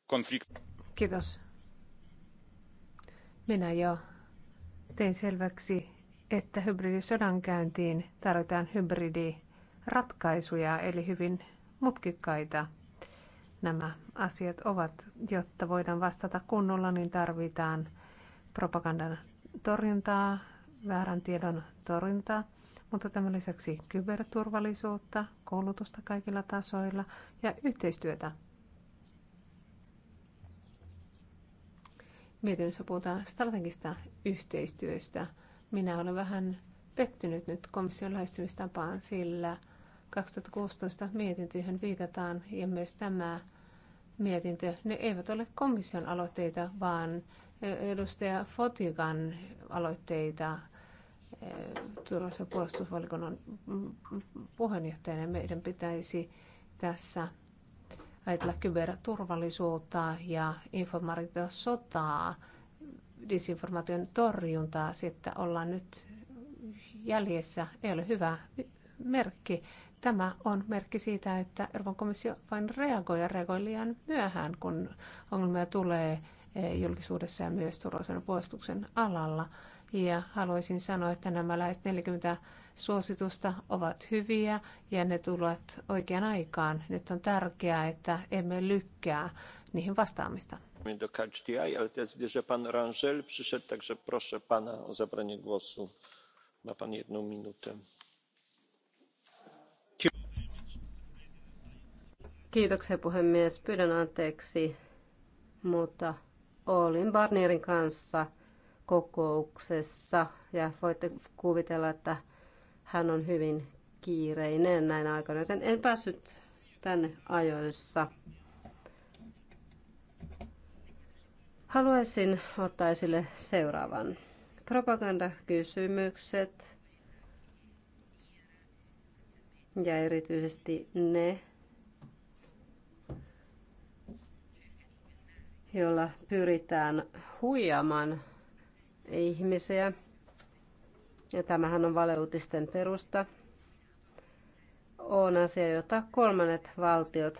konflikt... Kiitos. Minä jo tein selväksi, että hybridisodankäyntiin tarvitaan hybridiratkaisuja, eli hyvin mutkikkaita nämä asiat ovat. Jotta voidaan vastata kunnolla, niin tarvitaan propagandan torjuntaa, väärän tiedon torjuntaa, mutta tämän lisäksi kyberturvallisuutta, koulutusta kaikilla tasoilla ja yhteistyötä. Mietinnössä puhutaan strategista yhteistyöstä. Minä olen vähän pettynyt nyt komission lähestymistapaan, sillä 2016 mietintöihin viitataan ja myös tämä mietintö, ne eivät ole komission aloitteita, vaan edustaja Fotikan aloitteita turvallisuus- ja puolustusvalikunnan puheenjohtajana. Meidän pitäisi tässä ajatella kyberturvallisuutta ja informaatiosotaa, disinformaation torjuntaa, sitten ollaan nyt jäljessä, ei ole hyvä merkki. Tämä on merkki siitä, että Euroopan komissio vain reagoi ja reagoi liian myöhään, kun ongelmia tulee eh, julkisuudessa ja myös turvallisuuden puolustuksen alalla. Ja haluaisin sanoa, että nämä lähes 40 suositusta ovat hyviä ja ne tulevat oikeaan aikaan. Nyt on tärkeää, että emme lykkää niihin vastaamista. Kiitoksia puhemies. Pyydän anteeksi, mutta olin Barnierin kanssa – kokouksessa ja voitte kuvitella, että hän on hyvin kiireinen näin aikana, joten en päässyt tänne ajoissa. Haluaisin ottaa esille seuraavan. Propagandakysymykset ja erityisesti ne, joilla pyritään huijamaan ihmisiä. Ja tämähän on valeuutisten perusta. On asia, jota kolmannet valtiot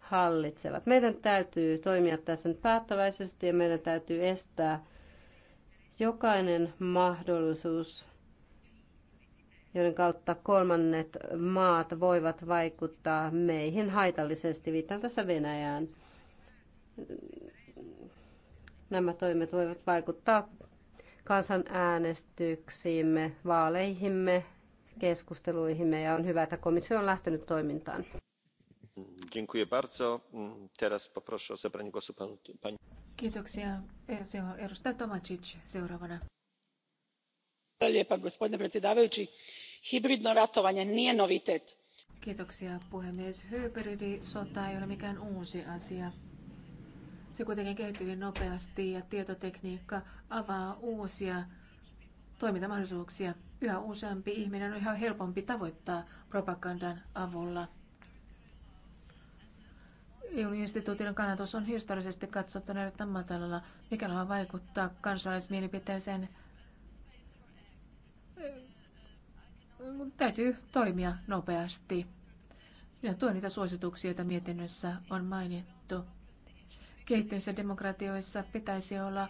hallitsevat. Meidän täytyy toimia tässä nyt päättäväisesti ja meidän täytyy estää jokainen mahdollisuus, joiden kautta kolmannet maat voivat vaikuttaa meihin haitallisesti. Viittaan tässä Venäjään. Nämä toimet voivat vaikuttaa kansanäänestyksiimme, vaaleihimme, keskusteluihimme ja on hyvä, että komissio on lähtenyt toimintaan. Kiitoksia. Edustaja Tomacic seuraavana. gospodine predsjedavajući hibridno novitet. Kiitoksia puhemies. Hybridisota ei ole mikään uusi asia. Se kuitenkin kehittyy nopeasti ja tietotekniikka avaa uusia toimintamahdollisuuksia. Yhä useampi ihminen on yhä helpompi tavoittaa propagandan avulla. EU-instituutin kannatus on historiallisesti katsottuna erittäin matalalla, mikä on vaikuttaa kansalaismielipiteeseen. Täytyy toimia nopeasti. Minä tuo niitä suosituksia, joita mietinnössä on mainittu kehittyneissä demokratioissa pitäisi olla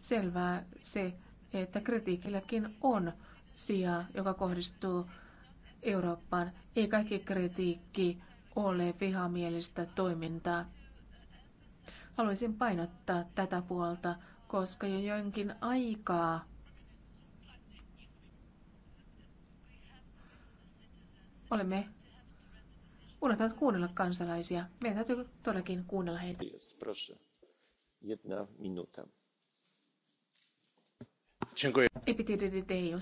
selvää se, että kritiikilläkin on sijaa, joka kohdistuu Eurooppaan. Ei kaikki kritiikki ole vihamielistä toimintaa. Haluaisin painottaa tätä puolta, koska jo jonkin aikaa olemme unohtavat kuunnella kansalaisia. Meidän täytyy todellakin kuunnella heitä. Yes, proszę. Jedna minuta. Dziękuję. τέλος.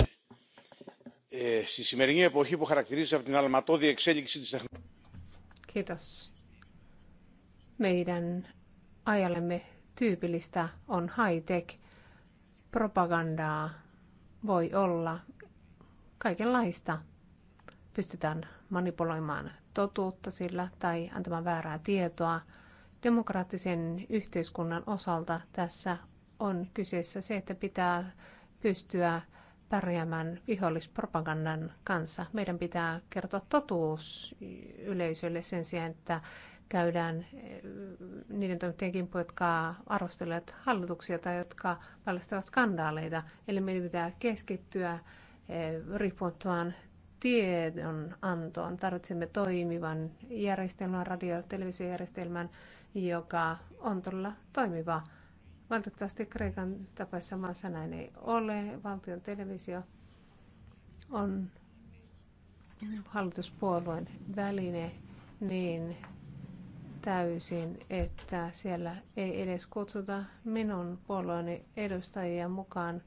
Ε, στη σημερινή εποχή που χαρακτηρίζεται από την αλματώδη εξέλιξη της τεχνολογίας. Kiitos. Meidän ajallemme tyypillistä on high-tech. Propagandaa voi olla kaikenlaista. Pystytään manipuloimaan totuutta sillä tai antamaan väärää tietoa. Demokraattisen yhteiskunnan osalta tässä on kyseessä se, että pitää pystyä pärjäämään vihollispropagandan kanssa. Meidän pitää kertoa totuus yleisölle sen sijaan, että käydään eh, niiden toimittajien kimppuun, jotka arvostelevat hallituksia tai jotka paljastavat skandaaleita. Eli meidän pitää keskittyä eh, riippumattomaan Tiedon antoon. Tarvitsemme toimivan järjestelmän, radio- ja televisiojärjestelmän, joka on todella toimiva. Valitettavasti Kreikan tapaisessa maassa näin ei ole. Valtion televisio on hallituspuolueen väline niin täysin, että siellä ei edes kutsuta minun puolueeni edustajia mukaan –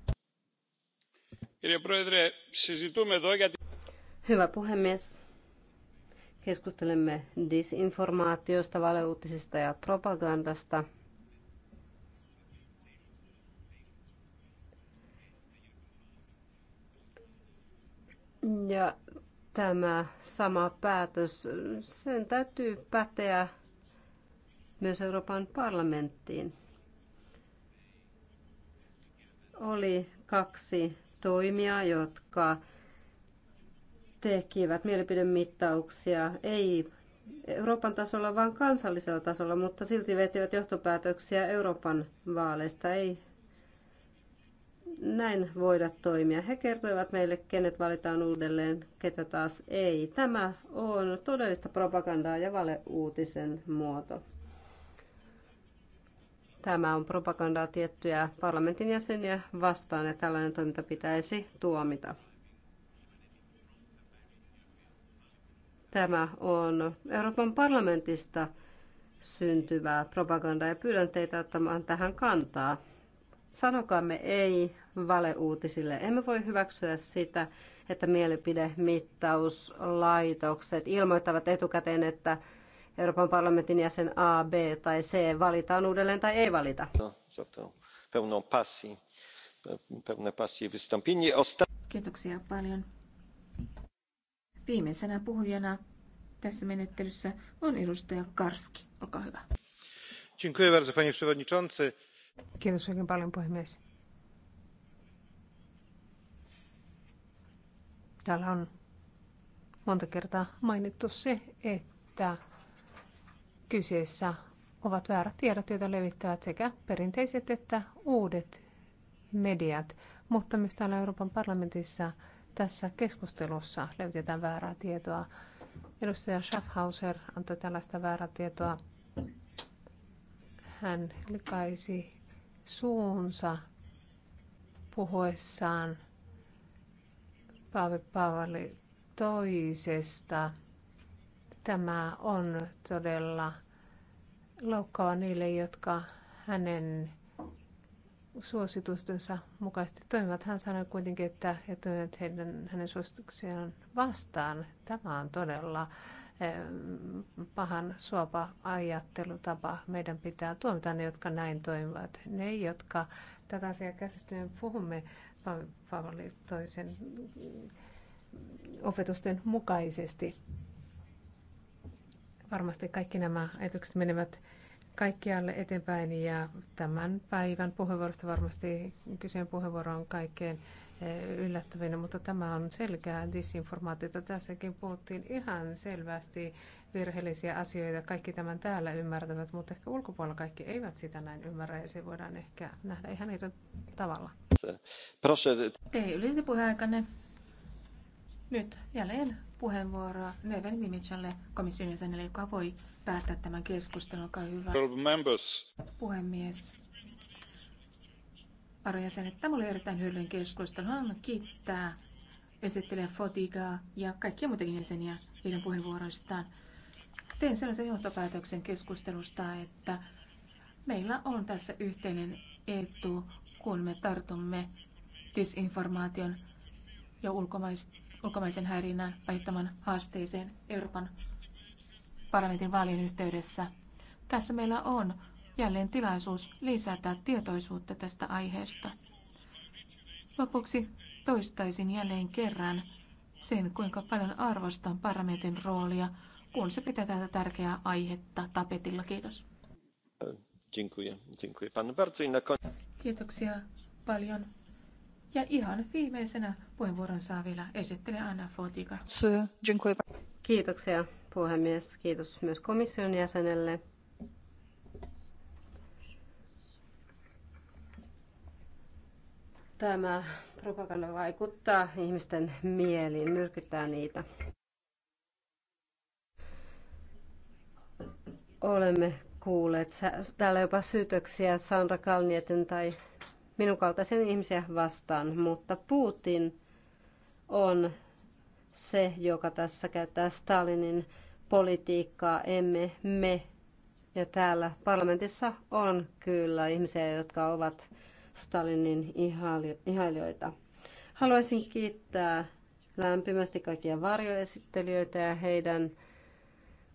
Hyvä puhemies. Keskustelemme disinformaatiosta, valeuutisista ja propagandasta. Ja tämä sama päätös, sen täytyy päteä myös Euroopan parlamenttiin. Oli kaksi toimia, jotka tekivät mielipidemittauksia, ei Euroopan tasolla, vaan kansallisella tasolla, mutta silti vetivät johtopäätöksiä Euroopan vaaleista. Ei näin voida toimia. He kertoivat meille, kenet valitaan uudelleen, ketä taas ei. Tämä on todellista propagandaa ja valeuutisen muoto. Tämä on propagandaa tiettyjä parlamentin jäseniä vastaan ja tällainen toiminta pitäisi tuomita. Tämä on Euroopan parlamentista syntyvää propagandaa ja pyydän teitä ottamaan tähän kantaa. Sanokaamme ei valeuutisille. Emme voi hyväksyä sitä, että mielipidemittauslaitokset ilmoittavat etukäteen, että Euroopan parlamentin jäsen A, B tai C valitaan uudelleen tai ei valita. Kiitoksia paljon. Viimeisenä puhujana tässä menettelyssä on edustaja Karski. Olkaa hyvä. Kiitos oikein paljon, puhemies. Täällä on monta kertaa mainittu se, että Kyseessä ovat väärät tiedot, joita levittävät sekä perinteiset että uudet mediat. Mutta myös täällä Euroopan parlamentissa tässä keskustelussa levitetään väärää tietoa. Edustaja Schaffhauser antoi tällaista väärää tietoa. Hän likaisi suunsa puhuessaan Paavi Paavali toisesta Tämä on todella loukkaava niille, jotka hänen suositustensa mukaisesti toimivat. Hän sanoi kuitenkin, että he toimivat heidän, hänen suosituksiaan vastaan. Tämä on todella eh, pahan suopa ajattelutapa. Meidän pitää tuomita ne, jotka näin toimivat. Ne, jotka tätä asiaa käsittelen, puhumme Paavali toisen opetusten mukaisesti. Varmasti kaikki nämä ajatukset menevät kaikkialle eteenpäin ja tämän päivän puheenvuorosta varmasti kyseen puheenvuoro on kaikkein eh, yllättävin, mutta tämä on selkeää disinformaatiota. Tässäkin puhuttiin ihan selvästi virheellisiä asioita. Kaikki tämän täällä ymmärtävät, mutta ehkä ulkopuolella kaikki eivät sitä näin ymmärrä ja se voidaan ehkä nähdä ihan eri tavalla. Okei, okay, ylintipuheaikainen. Nyt jälleen puheenvuoroa Neven Mimicelle, komission jäsenelle, joka voi päättää tämän keskustelun. Olkaa hyvä. Members. Puhemies. että tämä oli erittäin hyödyllinen keskustelu. Haluan kiittää esittelijä Fotigaa ja kaikkia muitakin jäseniä heidän puheenvuoroistaan. Tein sellaisen johtopäätöksen keskustelusta, että meillä on tässä yhteinen etu, kun me tartumme disinformaation ja ulkomaisten ulkomaisen häirinnän aiheuttaman haasteeseen Euroopan parlamentin vaalien yhteydessä. Tässä meillä on jälleen tilaisuus lisätä tietoisuutta tästä aiheesta. Lopuksi toistaisin jälleen kerran sen, kuinka paljon arvostan parlamentin roolia, kun se pitää tätä tärkeää aihetta tapetilla. Kiitos. Kiitoksia paljon. Ja ihan viimeisenä puheenvuoron saa vielä esittelijä Anna Fotika. Kiitoksia puhemies. Kiitos myös komission jäsenelle. Tämä propaganda vaikuttaa ihmisten mieliin, myrkyttää niitä. Olemme kuulleet täällä jopa syytöksiä Sandra Kalnieten tai minun kaltaisen ihmisiä vastaan, mutta Putin on se, joka tässä käyttää Stalinin politiikkaa, emme me. Ja täällä parlamentissa on kyllä ihmisiä, jotka ovat Stalinin ihailijoita. Haluaisin kiittää lämpimästi kaikkia varjoesittelijöitä ja heidän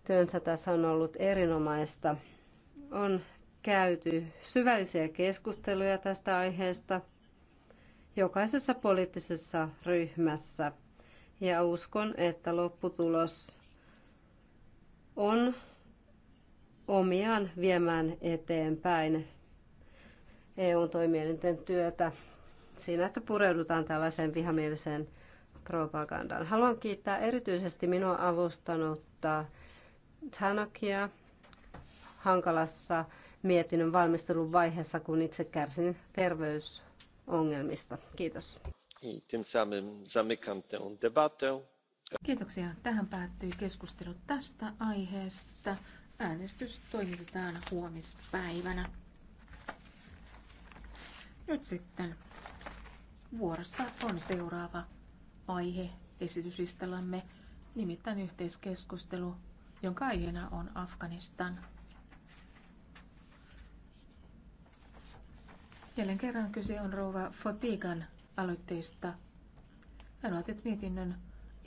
työnsä tässä on ollut erinomaista. On käyty syvällisiä keskusteluja tästä aiheesta jokaisessa poliittisessa ryhmässä. Ja uskon, että lopputulos on omiaan viemään eteenpäin EU-toimielinten työtä siinä, että pureudutaan tällaiseen vihamieliseen propagandaan. Haluan kiittää erityisesti minua avustanutta Tanakia hankalassa mietinnön valmistelun vaiheessa, kun itse kärsin terveysongelmista. Kiitos. Kiitoksia. Tähän päättyy keskustelu tästä aiheesta. Äänestys toimitetaan huomispäivänä. Nyt sitten vuorossa on seuraava aihe esityslistallamme, nimittäin yhteiskeskustelu, jonka aiheena on Afganistan. Jälleen kerran kyse on rouva Fotigan aloitteista. Hän on mietinnön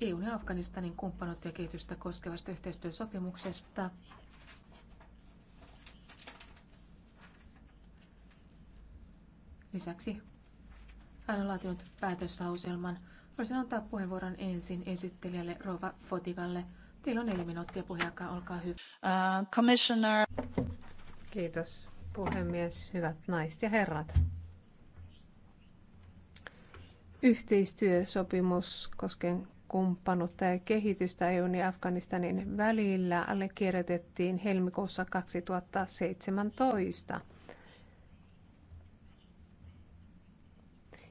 EUn ja Afganistanin kumppanuutta ja kehitystä koskevasta yhteistyösopimuksesta. Lisäksi hän on laatinut päätöslauselman. Voisin antaa puheenvuoron ensin esittelijälle Rova Fotigalle. Teillä on neljä minuuttia puheenjohtaja, olkaa hyvä. Uh, commissioner. Kiitos puhemies, hyvät naiset ja herrat. Yhteistyösopimus koskien kumppanuutta ja kehitystä EUn ja Afganistanin välillä allekirjoitettiin helmikuussa 2017.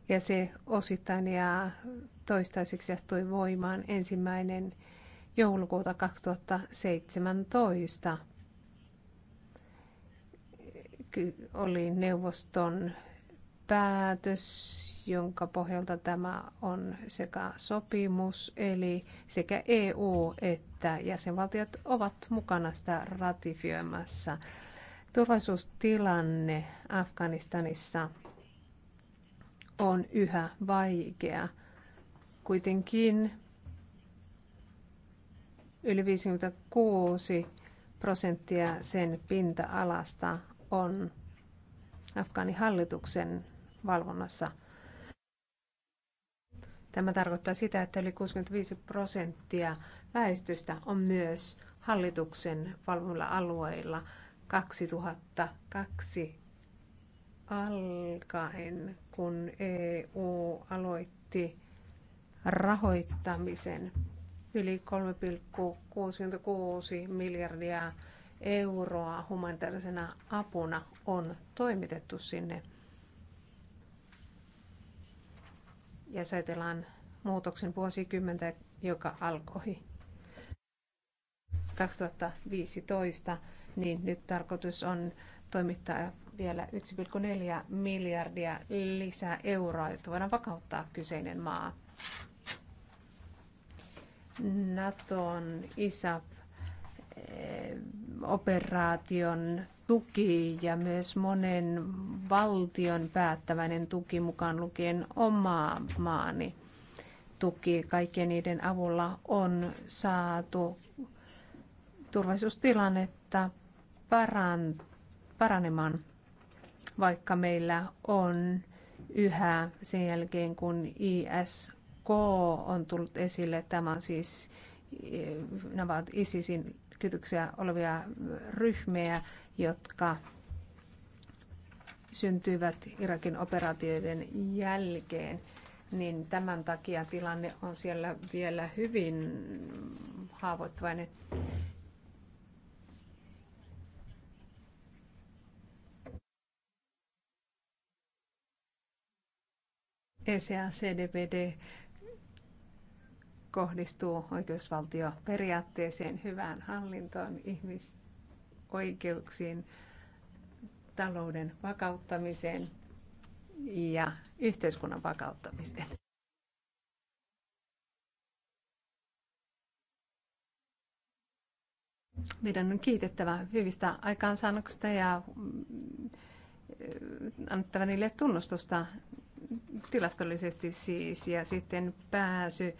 Ja se osittain ja toistaiseksi astui voimaan ensimmäinen joulukuuta 2017 oli neuvoston päätös, jonka pohjalta tämä on sekä sopimus, eli sekä EU että jäsenvaltiot ovat mukana sitä ratifioimassa. Turvallisuustilanne Afganistanissa on yhä vaikea. Kuitenkin yli 56 prosenttia sen pinta-alasta on Afgaanihallituksen valvonnassa. Tämä tarkoittaa sitä, että yli 65 prosenttia väestöstä on myös hallituksen valvomilla alueilla 2002 alkaen, kun EU aloitti rahoittamisen yli 3,66 miljardia euroa humanitaarisena apuna on toimitettu sinne. Ja jos ajatellaan muutoksen vuosikymmentä, joka alkoi 2015, niin nyt tarkoitus on toimittaa vielä 1,4 miljardia lisää euroa, jotta voidaan vakauttaa kyseinen maa. Naton ISAF operaation tuki ja myös monen valtion päättäväinen tuki mukaan lukien omaa maani tuki. Kaikkien niiden avulla on saatu turvallisuustilannetta paranemaan, vaikka meillä on yhä sen jälkeen, kun ISK on tullut esille. Tämä on siis eh, nämä ovat ISISin kytyksiä olevia ryhmiä, jotka syntyivät Irakin operaatioiden jälkeen, niin tämän takia tilanne on siellä vielä hyvin haavoittuvainen. ECA, CDPD kohdistuu oikeusvaltioperiaatteeseen, hyvään hallintoon, ihmisoikeuksiin, talouden vakauttamiseen ja yhteiskunnan vakauttamiseen. Meidän on kiitettävä hyvistä aikaansaannoksista ja mm, annettava niille tunnustusta tilastollisesti siis ja sitten pääsy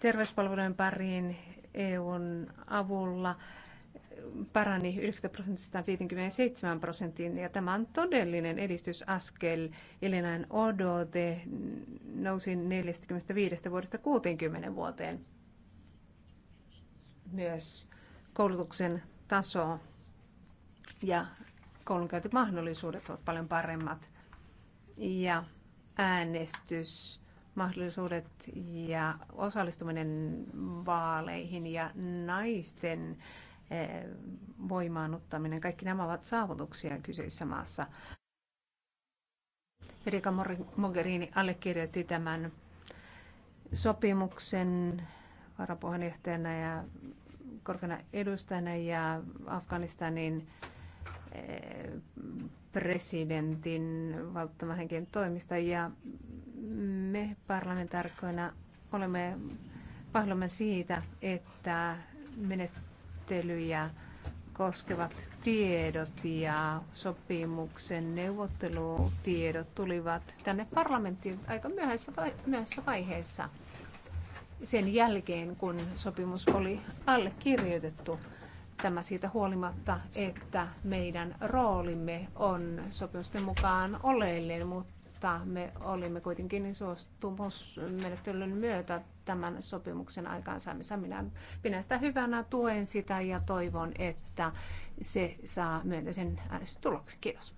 terveyspalvelujen pariin EUn avulla parani 9 prosentista 57 prosenttiin ja tämä on todellinen edistysaskel. Elinain odote nousi 45 vuodesta 60 vuoteen. Myös koulutuksen taso ja koulunkäyntimahdollisuudet ovat paljon paremmat ja äänestys mahdollisuudet ja osallistuminen vaaleihin ja naisten eh, voimaanuttaminen. Kaikki nämä ovat saavutuksia kyseisessä maassa. Erika Mogherini allekirjoitti tämän sopimuksen varapuheenjohtajana ja korkeana edustajana ja Afganistanin presidentin valttomahenkilön toimista ja me parlamentaarikkoina olemme pahoillamme siitä, että menettelyjä koskevat tiedot ja sopimuksen neuvottelutiedot tulivat tänne parlamenttiin aika myöhäisessä, vai- myöhäisessä vaiheessa sen jälkeen, kun sopimus oli allekirjoitettu. Tämä siitä huolimatta, että meidän roolimme on sopimusten mukaan oleellinen, mutta me olimme kuitenkin suostumusmenettelyn myötä tämän sopimuksen aikaansaamissa. Minä pidän sitä hyvänä, tuen sitä ja toivon, että se saa myönteisen äänestystuloksen. Kiitos.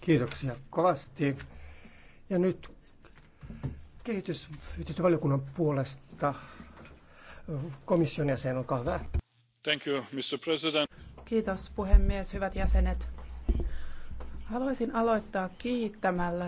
Kiitoksia kovasti. Ja nyt kehitysyhteistyövaliokunnan puolesta komission jäsen, olkaa hyvä. Thank you, Mr. President. Kiitos puhemies, hyvät jäsenet. Haluaisin aloittaa kiittämällä